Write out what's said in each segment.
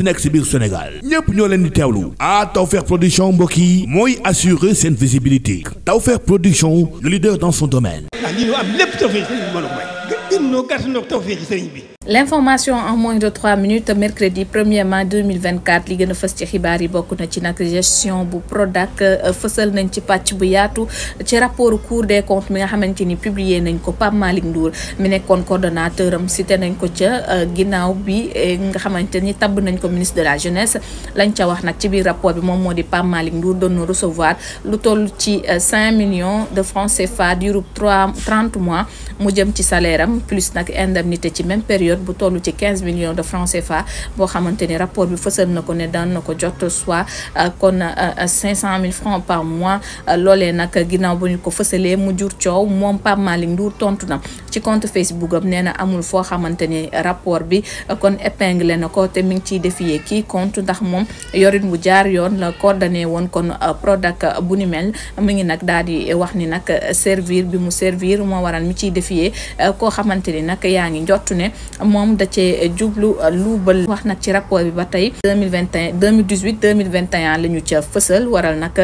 munti nekk si biir Sénégal ñépp ñoo leen di teewlu ta Tawfekh production mbokk yi mooy assurer seen visibilité Tawfekh production le leader dans son domaine. ah lii am lépp Tawfekh sëriñ bi mën a may. l'information en moins de trois minutes mercredi premier mai 2024 li gën a fës ci xibaar yi bokk na ci nag gestion bu Prodac euh, fësal nañ ci pàcc bu yaatu ci rapport cour des comptes mi nga xamante ni publier nañ ko Pape Malick Ndour mi nekkoon coordonnateur am cité nañ ko ca euh, ginnaaw bi euh, nga xamante ni tabb nañ ko ministre de la jeunesse lañ ca wax nag ci biir rapport bi moom moo di Pape Malick doon na recevoir lu toll ci 5 millions de francs CFA durant 3 30 mois mu jëm ci salaire am plus nag indemnité ci même période bu toll ci 15 millions de francs CFA boo xamante ni rapport bi fësal na ko ne daan na ko jot soit euh, kon 500 euh, 000 francs par mois euh, loole nag ginnaaw bu ñu ko fësalee mu jur coow moom Pape li Ndour tontu na ci compte Facebook am nee na amul foo xamante ni rapport bi kon épinglé na ko te mi ngi ciy défier kii compte ndax moom yorin bu jaar yoon la coordonné woon kon Prodac bu ni mel mi ngi nag daal di wax ni nag servir bi mu servir moo waral mi ciy défier koo xamante ni nag yaa ngi njottu ne moom da cee jublu luubal wax nag ci rapport bi ba tey 2021 2018 2021 la ñu ca fësal waral nag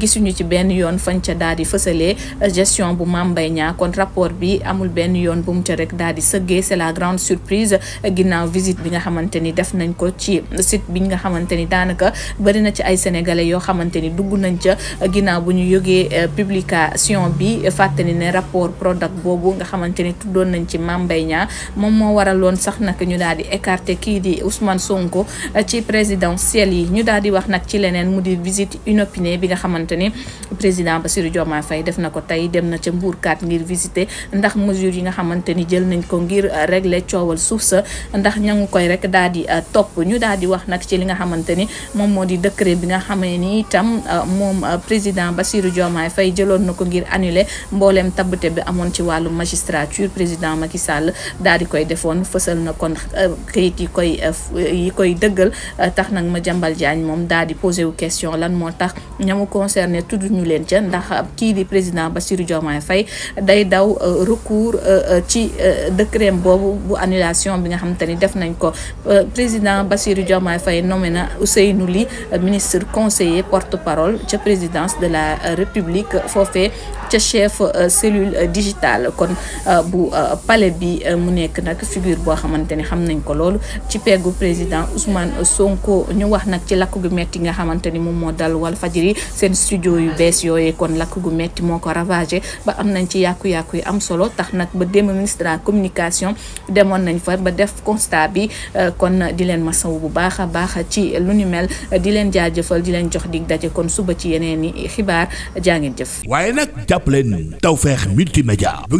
gisuñu ci benn yoon fañ ca daal di fësalee gestion bu Mame Mbaye kon rapport bi amul benn yoon bu mu ca rek daal di sëggee c'est la grande surprise ginnaaw visite bi nga xamante ni def nañ ko ci site bi nga xamante ni daanaka bëri na ci ay sénégalais yoo xamante ni dugg nañ ca ginnaaw bu ñu yógee euh, publication bi fàttali ne rapport Prodac boobu nga xamante ni tuddoon nañ ci Mame Mbaye moom waraloon sax nag ñu daal di écarté kii di Ousmane Sonko eh, ci président présidentielle yi ñu daal di wax nag ci leneen mu di visite inopinée bi nga xamante ni président Bassirou Diomaye Faye def na ko tey dem na ca Mbourkat ngir visiter ndax mesures yi nga xamante ni jël nañ ko ngir eh, régler coowal suuf sa ndax ña ngi koy rek daal di eh, topp ñu daal di wax nag ci li nga xamante ni moom moo di décret bi nga xamee ni itam moom président Bassirou Diomaye fay jëloon na ko ngir annuler mbooleem tabbate bi amoon ci wàllu magistrature président Macky Sall daal di koy defoon fësal na kon euh, këyit yi koy euh, euh, yi koy dëggal tax nag ma jàmbal Diagne moom daal di posé wu question lan moo tax ñamu concerné tudd ñu leen ca ndax kii di président Bassirou Diomaye Faye day daw recours ci décret boobu bu annulation bi nga xamante ni def nañ ko président Bassirou Diomaye Faye nommé na Ousseynou Ly ministre conseiller porte-parole ca présidence de la République foofee ca chef cellule digitale kon bu palais bi mu nekk nag figure mesure boo xamante ni xam nañ ko loolu ci peggu président Ousmane Sonko ñu wax nag ci lakk gu metti nga xamante ni moom moo dal Walfadjri seen studio yu bees yooyee kon lakk gu metti moo ko ravagé ba am nañ ci yàqu-yàqu yu am solo tax nag ba démb ministre de communication demoon nañ fa ba def constat bi euh, kon di leen masaw bu baax a baax ci lu ni mel di leen jaajëfal di leen jox di daje kon suba ci yeneen i xibaar jaa ngeen jëf. waaye nag jàpp leen Tawfekh multimédia bu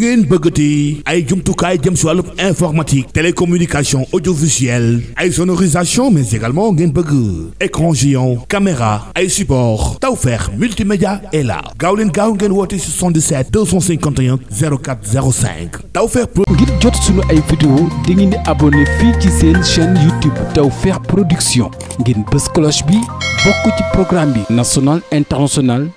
ay jumtukaay jëm si wàllu informatique. télécommunication audiovisuelle ay sonorisation mais également ngeen bëgg écran géant caméra ay support Tawfekh multimédia est là gaaw leen gaaw ngeen woote 77 251 04 05 Tawfekh ngir jot sunu ay vidéo di ngeen di abonné fii ci seen chaîne YouTube Tawfekh Production ngeen bës cloche bi bokk ci programme bi national international